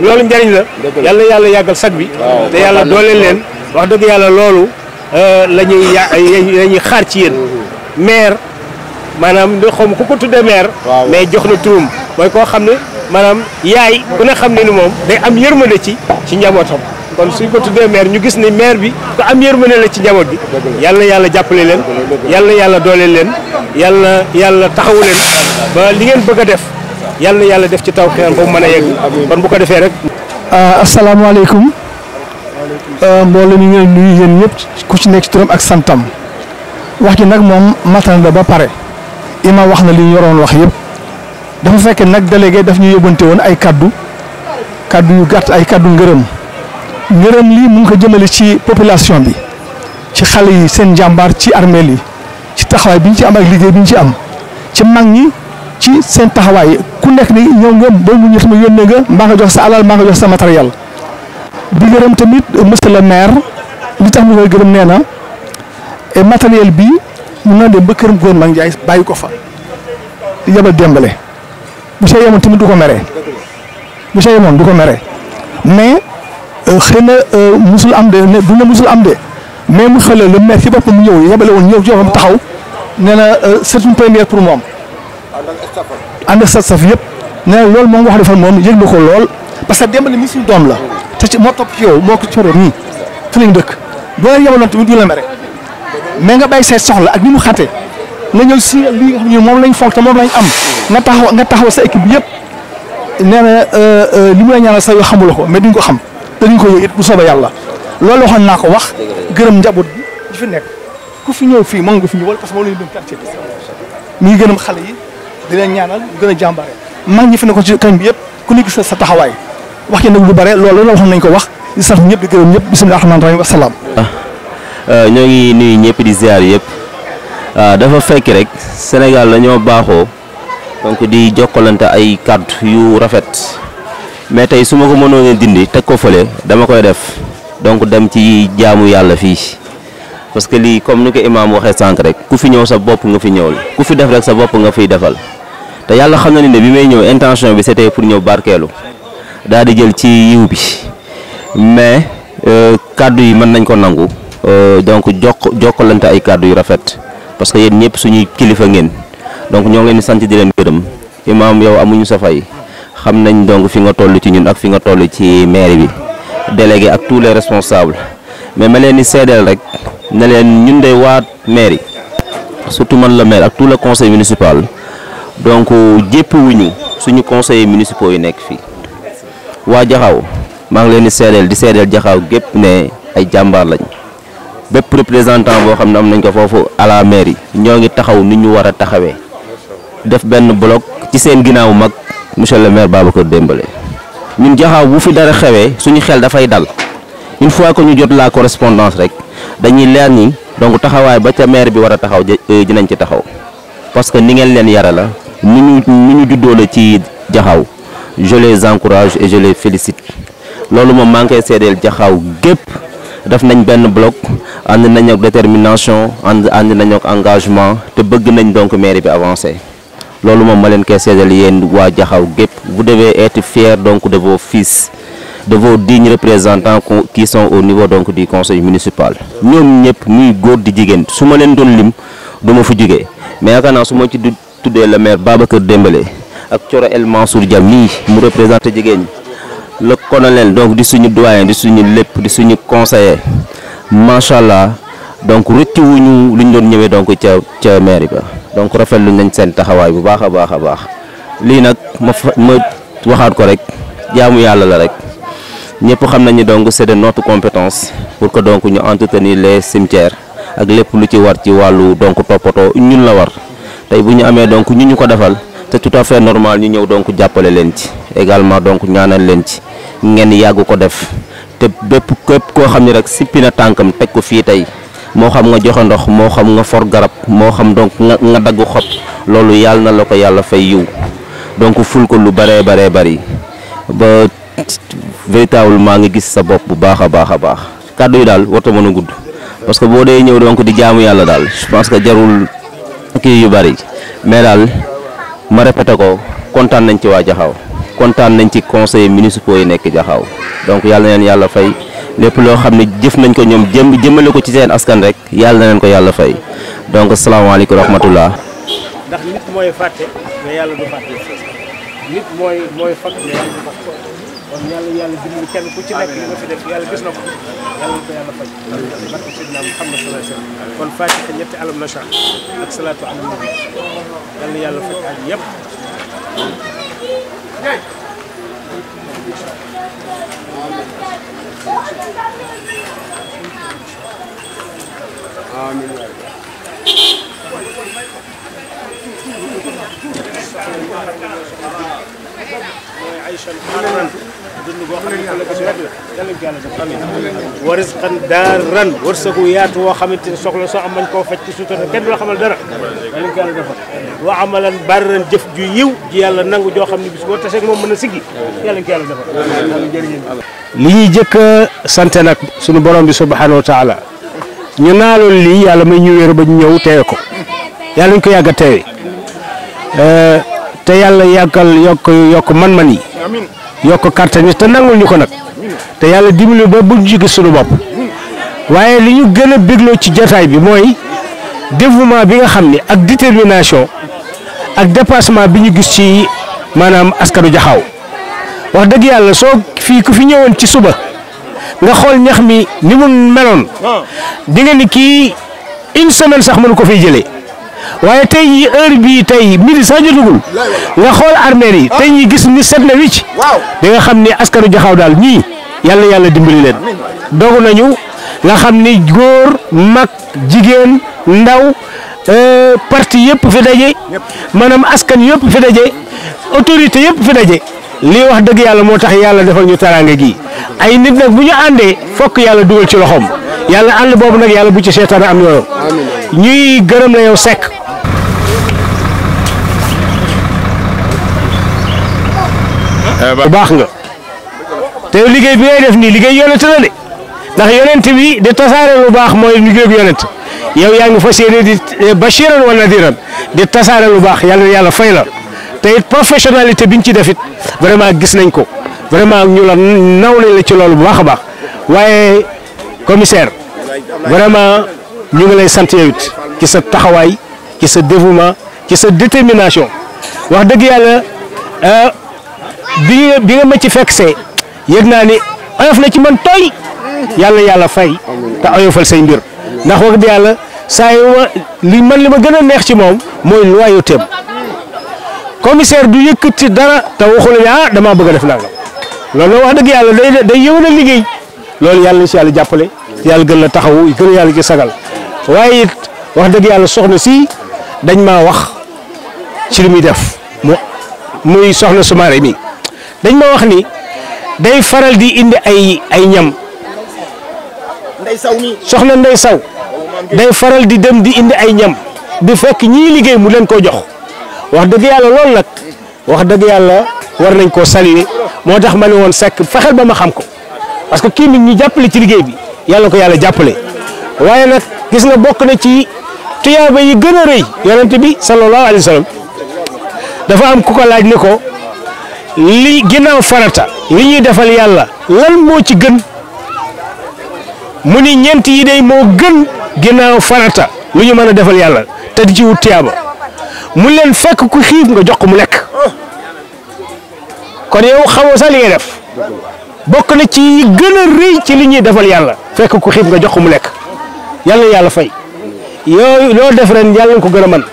loolu njariñ la yàlla yàlla yàggal sag bi te yàlla dooleel leen wax dëgg yàlla loolu euh, la ñuy ya la ñuy xaar ci yéen mm-hmm. maire maanaam li xaw ma ku ko tuddee maire. mais jox na turum mooy koo xam ne maanaam yaay ku ne xam ne ni moom day am yërmande ci ci njabootam. kon suñ ko tuddee ñu gis ni maire bi ko am yërmande la ci njaboot bi yàlla yàlla jàppale leen yàlla yàlla doole leen yàlla yàlla taxawu leen ba li ngeen bëgg a def yàlla yàlla def ci taw xeer ba mu mën a yegg kon bu ko defee rek ah, asalaamaaleykum ah, mbooloo mi ngeen nuyu yéen ñëpp ku ci nekk turam ak santam wax ji nag moom matal na ba pare imaam wax na li ñu waroon wax yëpp dafa fekk nag délégué daf ñu yóbbante woon ay kàddu kàddu yu gàtt ay kàddu ngërëm ngërëm li mu ngi ko jëmale ci population bi ci xale yi seen njàmbaar ci armeel yi ci taxawaay bi ñu ci am ak liggéey bi ñu ci am ci mag ñi ci seen taxawaay ku nekk ni ñëw nga ba mu ñu nga mbaa nga jox sa alal mbaa nga jox sa matériel bi ngërëm tamit monsieur le maire li tax mu koy gërëm nee na matériel bi mun naa dem ba këram góor mag Ndiaye bàyyi ko fa yabal dembale bu see yemoon tamit du ko meree bu see yemoon du ko meree mais euh, xëy na euh, musul am de ne du ne musul am de mais mu xële le maire ci boppam ñëw yabale woon ñëw joxam taxaw nee na euh, c'est une première pour moom. ànd ak saf yëpp nee na loolu moom wax defal moom yëg na ko lool parce que dembale mi suñu doom la te ci moo topp ci yow moo ko ci nii fi lañ dëkk boo leen yabaloon tamit du la mere. mais nga bàyyi say soxla ak ni mu xate nga ñëw si lii nga xam ne moom lañ foog te moom lañ am nga taxaw nga taxaw sa équipe bi yëpp nee na euh, euh, li mu la ñaanal sa yoo xamuloo ko mais duñ ko xam te duñ ko it bu soobee yàlla loolu naa ko wax gërëm njaboot bi fi nekk ku fi fii moom nga fi ñëwal parce que la ñu doon quartier bi gërëm xale yi di ñaanal gën a jàmbaare maa ñi fi nekkoon ci kañ bi yëpp ku nekk sa sa taxawaay wax ci nag lu bare loolu la waxoon nañ ko wax di sant ñëpp di gërëm ñëpp bisimilah rahmaani rahim wasalaam Euh, ñoo ngi nuyu ñëpp di ziar yëpp euh, dafa fekk rek Sénégal lañoo baaxoo donc di jokkalante ay kàddu yu rafet mais tey su ma ko mënoon a dindi teg ko fële dama koy def donc dem ci jaamu yàlla fii parce que lii comme ni ko imaam waxee sànq rek ku fi ñëw sa bopp nga fi ñëwal ku fi def rek sa bopp nga fiy defal te yàlla xam na ni ne bi may ñëw intention bi c'était pour ñëw barkeelu daal di jël ci yiw bi mais euh, kàddu yi mën nañ ko nangu. Euh, donc jokk jokkalante ay kàddu yu rafet parce que yéen ñëpp suñuy kilifa ngeen donc ñoo ngeen leen di sant di leen gërëm imaam yow amuñu sa fay xam nañ donc fi nga toll ci ñun ak fi nga toll ci mairie bi délégué ak tous les responsables mais ma leen di seedeel rek ne leen ñun de waa mairie surtout man la maire ak tout le conseil municipal donc jéppiwuñu suñu conseil municipaux yu nekk fii waa jaxaw maa ngi leen di seedeel di seedeel jaxaw gépp ne ay jàmbaar lañ bépp représentant boo xam ne am nañ ko foofu à la mairie ñoo ngi taxaw ni ñu war a taxawee def benn bloc ci seen ginnaaw mag monsieur le maire Babacar démbale ñun jaxaw bu fi dara xewee suñu xel dafay dal ñun fois que ñu jot la correspondance rek dañuy leer ni donc taxawaay ba ca maire bi war a taxaw euh, nañ ci taxaw parce que ni ngeen leen yara la ni ñu ni ñu juddoo la ci jaxaw je les encourage et je félicite loolu moom maa ngi koy seedeel jaxaaw gépp def nañ benn bloc ànd nañ ak détermination ànd ànd nañ ak engagement te bëgg nañ donc maire bi avancé loolu moom ma leen koy seedal yéen waa Jaxaw gépp bu devez être fier donc de vos fils de vos dignes représentants qui sont au niveau donc di conseil municipal ñoom ñëpp muy góor di jigéen su ma leen doon lim du ma fu jugee mais yaakaar su ma ci tuddee le maire Babacar Dembélé ak Coro El Mansour Dia mii mu représenté jigéen ñi le colonel donc di suñu doyen di suñu lépp di suñu conseiller macha allah donc rëcc wuñu lu ñu doon ñëwee donc ca ca mairie ba donc rafetlu nañ seen taxawaay bu baax a baax a baax lii nag ma fa ma waxaat ko rek jaamu yàlla la rek ñëpp xam nañu donc c'est de notre compétence pour que donc ñu entretenir les cimetières ak lépp lu ci war ci wàllu donc toppatoo ñun la war tey bu ñu amee donc ñu ñu ko defal te tout à fait normal ñu ñëw donc jàppale leen ci également donc ñaanal leen ci ngeen yàgg ko def te bépp képp koo xam ne rek sippi na tànkam teg ko fii tey moo xam nga joxe ndox moo xam nga for garab moo xam donc nga nga dagg xob loolu yàlla na la ko yàlla fay yiw donc ful ko lu bëree baree bari ba maa ngi gis sa bopp bu baax a baax a baax kàddu yi daal warta mën a gudd parce que boo dee ñëw donc di jaamu yàlla daal je pense que jarul kii yu bëri mais ma répété ko kontaan nañ ci waa Jaxaaw kontaan nañ ci conseil municipaux yi nekk Jaxaaw donc yàlla na leen yàlla fay lépp loo xam ne jëf nañ ko ñoom jëm jëmale ko ci seen askan rek yàlla na leen ko yàlla fay donc salaamaaleykum rahmatullah ndax kon yàlla yàlla dimbali kenn ku ci nekk li nga fi def yàlla gis na ko yàlla ko yàlla faj barke Seydina Muhammad sallallahu alayhi wa sallam kon fatiha ñetti alam nasha ak salaatu ala nabi yàlla yàlla faj aj yëpp amin mooy Aïcha dund boo xam ne ñu ko lekk si wàllu yàlla woo xamante ni soxla soo am mañ koo faj ci sutura kenn du la xamal dara yàlla ko yàlla defal wa amalan jëf ju yiw ji yàlla nangu joo xam ne bis boo taseeg moom mën a siggi yàlla ko yàlla li ñuy jëkk a sant nag suñu borom bi subhanahu wa taala ñu naaloon lii yàlla may ñu wéeru ba ñu ñëw teewe ko yàlla ñu ko yàgg a teewe te yàlla yàggal yokk yokk man-man yi yokk kàttan yi te nangul ñu ko nag te yàlla dimbali ba bu ci gis suñu bopp waaye li ñu gën a bégloo ci jataay bi mooy dévouement bi nga xam ni ak détermination ak dépassement bi ñu gis ci maanaam askanu jaxaw wax dëgg yàlla soo fii ku fi ñëwoon ci suba nga xool ñax mi ni mu meloon ah. di nga ni kii une semaine sax mënu ko fi jëlee. waaye tey yi heure bii tey midi sax nga xool armée yi tey ñi gis ni set na wicc di nga xam ni askanu jaxaw daal ñii yàlla yàlla dimbali leen dogu nañu nga xam ni góor mag jigéen ndaw euh, parti yëpp fi daje maanaam askan yëpp fi daje autorité yëpp fi daje lii wax dëgg yàlla moo tax yàlla defal ñu taraange gi ay nit nag bu ñu àndee fokk yàlla dugal ci loxoom yàlla ànd boobu nag yàlla bu ci seetaan am yooyu ñuy gërëm la yow Seck. Eh, bu baax nga te liggéey bi ngay def nii liggéey yonent la de ndax yonent bi di tasaare bu baax mooy liggéey bu yonent yow yaa ngi fas yéene di eh, bashiran wa nadiran di tasaare lu baax yàlla yàlla fay la te it professionnalité bi ñu ci def it vraiment gis nañ ko vraiment ñu la naw nañ la ci loolu bu baax a baax waaye commissaire vraiment. ñu ngi lay sant yow ci sa taxawaay ci sa dévouement ci sa détermination wax dëgg yàlla euh, bi bi nga ma ci fekk see yëg naa ni oyof na ci man tooy yàlla yàlla fay te oyofal say mbir ndax wax dëgg yàlla saa yu man li ma gën a neex ci moom mooy loyauté commissaire du yëkkati dara te waxu la ne ah damaa bëgg a def nangam loolu wax dëgg yàlla day day yëw na liggéey loolu yàlla na si yàlla jàppale yàlla gën la taxawu gën yàlla ci sagal waaye it wax dëgg yàlla soxna si dañ maa wax ci lu muy def mu muy soxna Soumaré mii dañ ma wax ni day faral di indi ay ay ñam soxna nday Saw day faral di dem di indi ay ñam di fekk ñii liggéey mu leen ko jox wax dëgg yàlla lool nag wax dëgg yàlla war nañ koo saluer moo tax ma ne woon sekk fexeel ba ma xam ko parce que kii nit ñi jàppale ci liggéey bi yàlla ko yàlla jàppale waaye nag gis na bokk na ci tuyaaba yi gën a rëy yonent bi sallallahu alayhi wa sallam dafa am ku ko laaj ne ko li ginnaaw farata li ñuy defal yàlla lan moo ci gën mu ni ñeent yi day moo gën ginnaaw farata lu ñu mën a defal yàlla te di ci wut tuyaaba mu leen fekk ku xiif nga jox ko mu lekk kon yow xamoo sax li def bokk na ci yi gën a rëy ci li ñuy defal yàlla fekk ku xiif nga jox mu lekk. yal na yàlla fay yooyu loo def ren yal na ko gën a man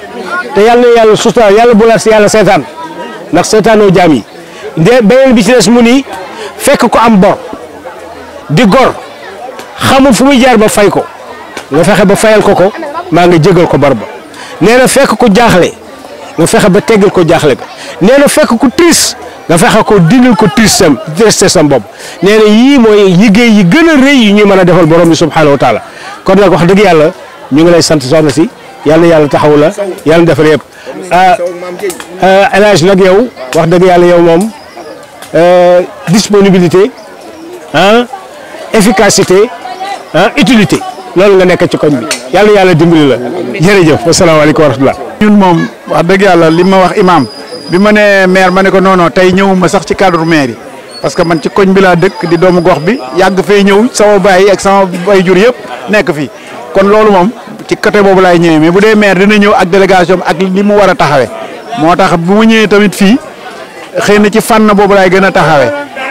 te yal yàlla sutura yàlla bu si yàlla seetaan ndax seetaanoo jaam yi beneen bi ci mu nii fekk ko am bor di gor xamul fu muy jaar ba fay ko nga fexe ba fayal ko ko maa nga jégal ko bor ba nee fekk ko jaaxle nga fexe ba teggal ko jaaxle ba fekk ko triste nga fexe ko dindil ko trisam tristesam bopp nee na yii mooy liggéey yi gën a yi ñuy mën a defal borom bi subhaanahu wa taala kon nag wax dëgg yàlla ñu ngi lay sant soxna si yàlla yàlla taxaw la yàlla defal yëpp ah, ah, El Hadj nag yow wax dëgg yàlla yow moom eh, disponibilité ah efficacité ah utilité loolu nga nekk ci koñ bi yàlla yàlla dimbali la jërëjëf wasalaamaaleykum wa rahmatulah. ñun moom wax dëgg yàlla li ma wax imaam bi ma nee maire ma ne ko noonoo tey ñëwuma sax ci cadre maire yi parce que man ci koñ bi laa dëkk di doomu gox bi yàgg fee ñëw sama baay ak sama bay jur yëpp nekk fii kon loolu moom ci côté boobu laay ñëwee mais bu dee maire dina ñëw ak délégation ak li mu war a taxawe moo tax bu mu ñëwee tamit fii xëy na ci fànn boobu laay gën a taxawee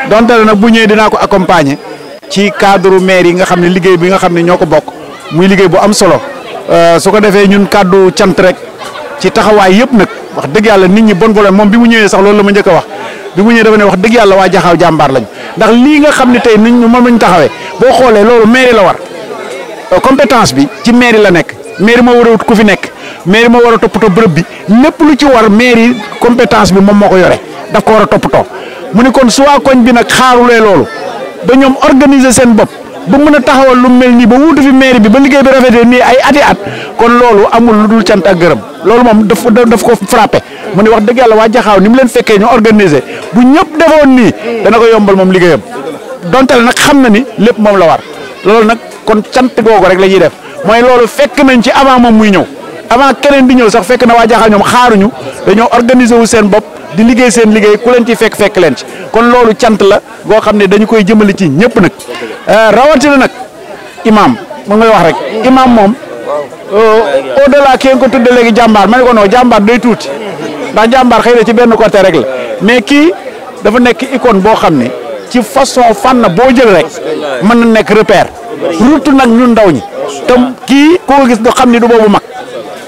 donte nag bu ñëwee dinaa ko accompagner. ci cadre maire yi nga xam ne liggéey bi nga xam ne ñoo ko bokk muy liggéey bu am solo euh, su ko defee ñun kàddu cant rek ci taxawaay yëpp nag wax dëgg yàlla nit ñi bonne volonté moom bi mu ñëwee sax loolu la ma njëkk a wax bi mu ñëwee dafa ne wax dëgg yàlla waa jaxaaw jàmbaar lañu ndax lii nga xam ne tey niñ moom lañ taxawee boo xoolee loolu mairie la war euh, compétence bi ci mairie la nekk mairie moo war a wut ku fi nekk mairie moo war a toppatoo bërëb bi lépp lu ci war mairie compétence bi moom moo ko yore daf ko a toppatoo mu ba ñoom organiser seen bopp ba mën a taxawal lu mel nii ba wuutu fi mairie bi ba liggéey bi rafetee nii ay ati at kon loolu amul lu dul cant ak gërëm loolu moom daf daf ko frappé mu ne wax dëgg yàlla waa jaxaaw ni mu leen fekkee ñu organiser bu ñëpp defoon nii dana ko yombal moom liggéeyam donte nag xam na ni lépp moom la war loolu nag kon cant googu rek la ñuy def mooy loolu fekk nañ ci avant moom muy ñëw. avant keneen di ñëw sax fekk na waa jaaxal ñoom xaaruñu dañoo organiser wu seen bopp di liggéey seen liggéey ku leen ci fekk fekk leen ci kon loolu cant la goo xam ne dañu koy jëmale ci ñëpp nag euh, rawatina nag imaam mu ngay wax rek imaam moom euh, au delà ki nga ko tudde léegi jàmbaar ma ne jàmbaar day tuuti ndax jàmbaar xëy na ci benn côté rek la mais kii dafa nekk icône boo xam ne ci façon fànn boo jël rek mën na nekk repère. route nag ñun ndaw ñi te kii koo gis do xam ne du boobu mag.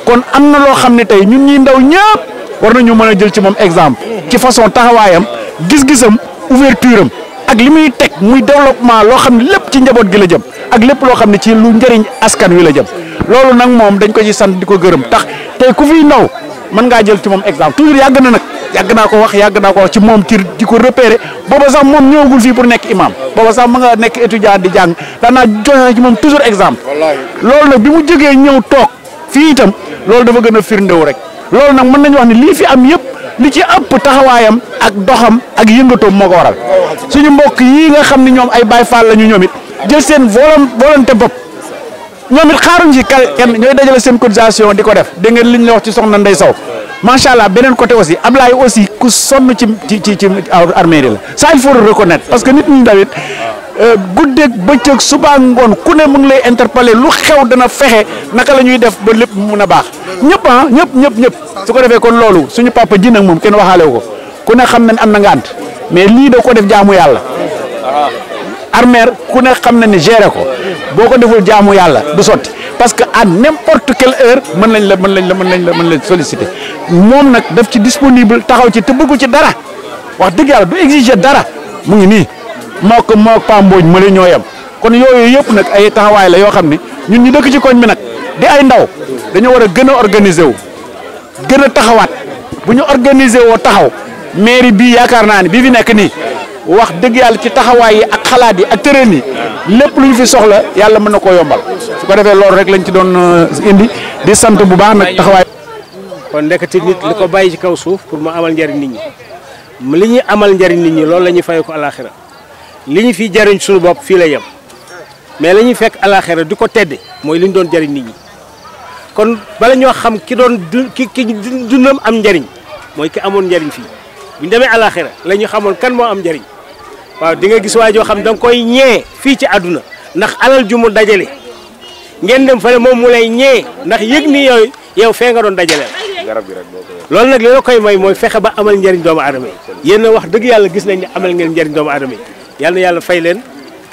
kon am na loo xam ne tey ñun ñuy ndaw ñëpp war nañu mën a jël ci moom exemple ci façon taxawaayam gis-gisam ouverture am ak li muy teg muy développement loo xam ne lépp ci njaboot gi la jëm ak lépp loo xam ne ci lu njëriñ askan wi la jëm loolu nag moom dañ ko ci sant di ko gërëm tax tey ku fiy ndaw mën ngaa jël ci moom exemple toujours yàgg na nag yàgg naa ko wax yàgg naa ko ci moom ci di ko repérer booba sax moom ñëwagul fii pour nekk imam booba sax ma nga nekk di jàng daan naa joxe moom toujours exemple loolu nag bi mu jógee ñëw toog fii itam loolu dafa gën a firndewu rek loolu nag mën nañu wax ne lii fi am yëpp li ci ëpp taxawaayam ak doxam ak yëngatoom moo ko suñu mbokk yii nga xam ni ñoom ay Baay Faal la ñu ñoom it jël seen volonté bopp ñoom it xaaruñ ci kenn ñooy dajale seen cotisation di ko def dégg ngeen liñ la wax ci soxna Ndey Saw macha allah beneen côté aussi Ablaye aussi ku sonn ci ci ci ci armée la ça il faut le parce que nit ñi tamit Euh, guddeeg bëccëg subaa ngoon ku ne mun ngi lay interpeller lu xew dana fexe naka la ñuy def ba lépp mu mun a baax ñëpp ah ñëpp ñëpp ñëpp su ko defee kon loolu suñu papa ji nag moom kenn waxaalew ko ku ne xam na ne am na ngant mais lii da ko def jaamu yàlla armeer ku ne xam na ne gere ko boo ko deful jaamu yàlla du sotti parce que à n'importe quelle heure mën lañ la mën lañ la mën lañ la mën lañ solliciter moom nag def ci disponible taxaw ci te bëggu ci dara wax dëgg yàlla du dara mu ngi nii. mook mook pambooñ ma la ñoo yem kon yooyu yëpp nag ay taxawaay la yoo xam ne ñun ñu dëkk ci koñ bi nag di ay ndaw dañoo war a gën a organiser wu gën a taxawaat bu ñu organiser woo taxaw mairie bii yaakaar naa ne bii fi nekk nii wax dëgg yàlla ci taxawaay yi ak xalaat yi ak tërën yi lépp lu ñu fi soxla yàlla mën na koo yombal su ko defee loolu rek lañu ci doon euh, indi di sant bu baax nag taxawaay. kon ndekati nit li ko bàyyi ci kaw suuf pour mu amal njariñ nit ñi li ñuy amal njariñ nit ñi loolu la ñuy fay li ñu fi jariñ suñu bopp fii la yem mais la ñuy fekk alaxira di ko tedde mooy li ñu doon jariñ nit ñi kon bala ñoo xam ki doon du ki ki dundam am njariñ mooy ki amoon njariñ fii bu ñu demee alaxira la ñu xamoon kan moo am njariñ waaw di nga gis waa joo xam da nga koy ñee fii ci àdduna ndax alal ju mu dajale ngeen dem fële moom mu lay ñee ndax yëg ni yooyu yow fee nga doon dajaleel loolu nag li la koy may mooy fexe ba amal njariñ doomu aadama yi yéen a wax dëgg yàlla gis nañ ne amal ngeen njariñ doomu aadama yal na yàlla fay leen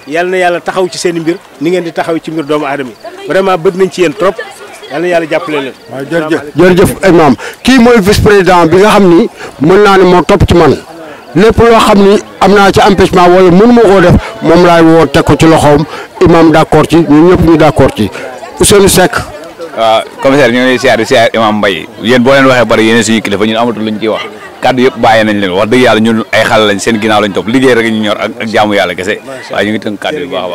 yal na yàlla taxaw ci seen mbir ni ngeen di taxaw ci mbir doomu aadama yi vraiment bët nañ ci yéen trop yal na yàlla jàppale leen. waaw jërëjëf jërëjëf imam kii mooy vice président bi nga xam ni mën naa ne moo topp ci man lépp loo xam ni am naa ci empêchement wala mënu ma koo def moom laay woo teg ko ci loxoom imam d' accord ci ñun ñëpp ñu d' accord ci Ousseynou Seck. waaw commissaire ñoo ngi siyaar di siyaar imam Mbaye yéen boo waxee bari yéen suñu kilifa ñun amatul luñ ciy wax kaddu yëpp bàyyi nañ leen wax dëgg yàlla ñun ay xale lañ seen ginnaaw lañ topp liggéey rek ñu ñor ak jaamu yàlla kese waaye ñu ngi tënk kaddu yu baax a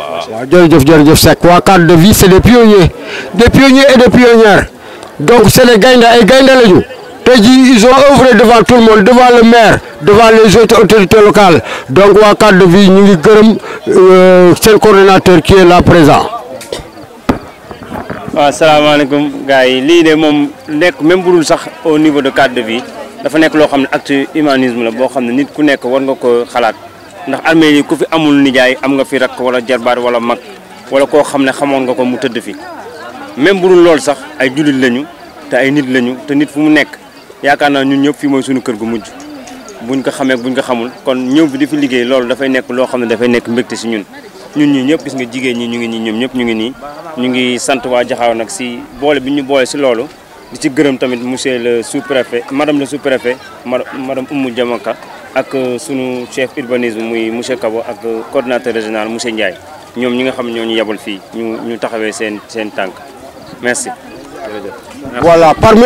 baax waaw de vie c'est des pionniers des donc c'est des lañu tey jii ils ont devant tout le monde devant le maire devant les autres autorités donc waa cadre de vie ñu ngi gërëm euh, seen coordonnateur waaw salaamaaleykum gars yi lii de moom nekk même bu dul sax au niveau de cadre de vie dafa nekk loo xam ne acte humanisme la boo xam ne nit ku nekk war nga ko xalaat ndax armée yi ku fi amul nijaay am nga fi rakk wala jarbaat wala mag wala koo xam ne xamoon nga ko mu tëdd fi même bu dul loolu sax ay jullit lañu te ay nit lañu te nit fu mu nekk yaakaar naa ñun ñëpp fii mooy suñu kër gu mujj buñ ko xamee buñ ko xamul kon ñëw bi di fi liggéey loolu dafay nekk loo xam ne dafay nekk mbégte si ñun ñun ñii ñëpp gis nga jigéen ñi ñu ngi nii ñoom ñëpp ñu ngi nii ñu ngi sant waa jaxaw nag si boole bi ñu boole si loolu di ci gërëm tamit monsieur le sous-préfet madame le sous-préfet madame Oumou Diamanka ak euh, sunu chef urbanisme muy monsieur Kabo ak euh, coordinateur régional monsieur Ndiaye ñoom ñi nga xam ñoo ñu yebal fii ñu ñu taxawee seen seen tànk merci. voilà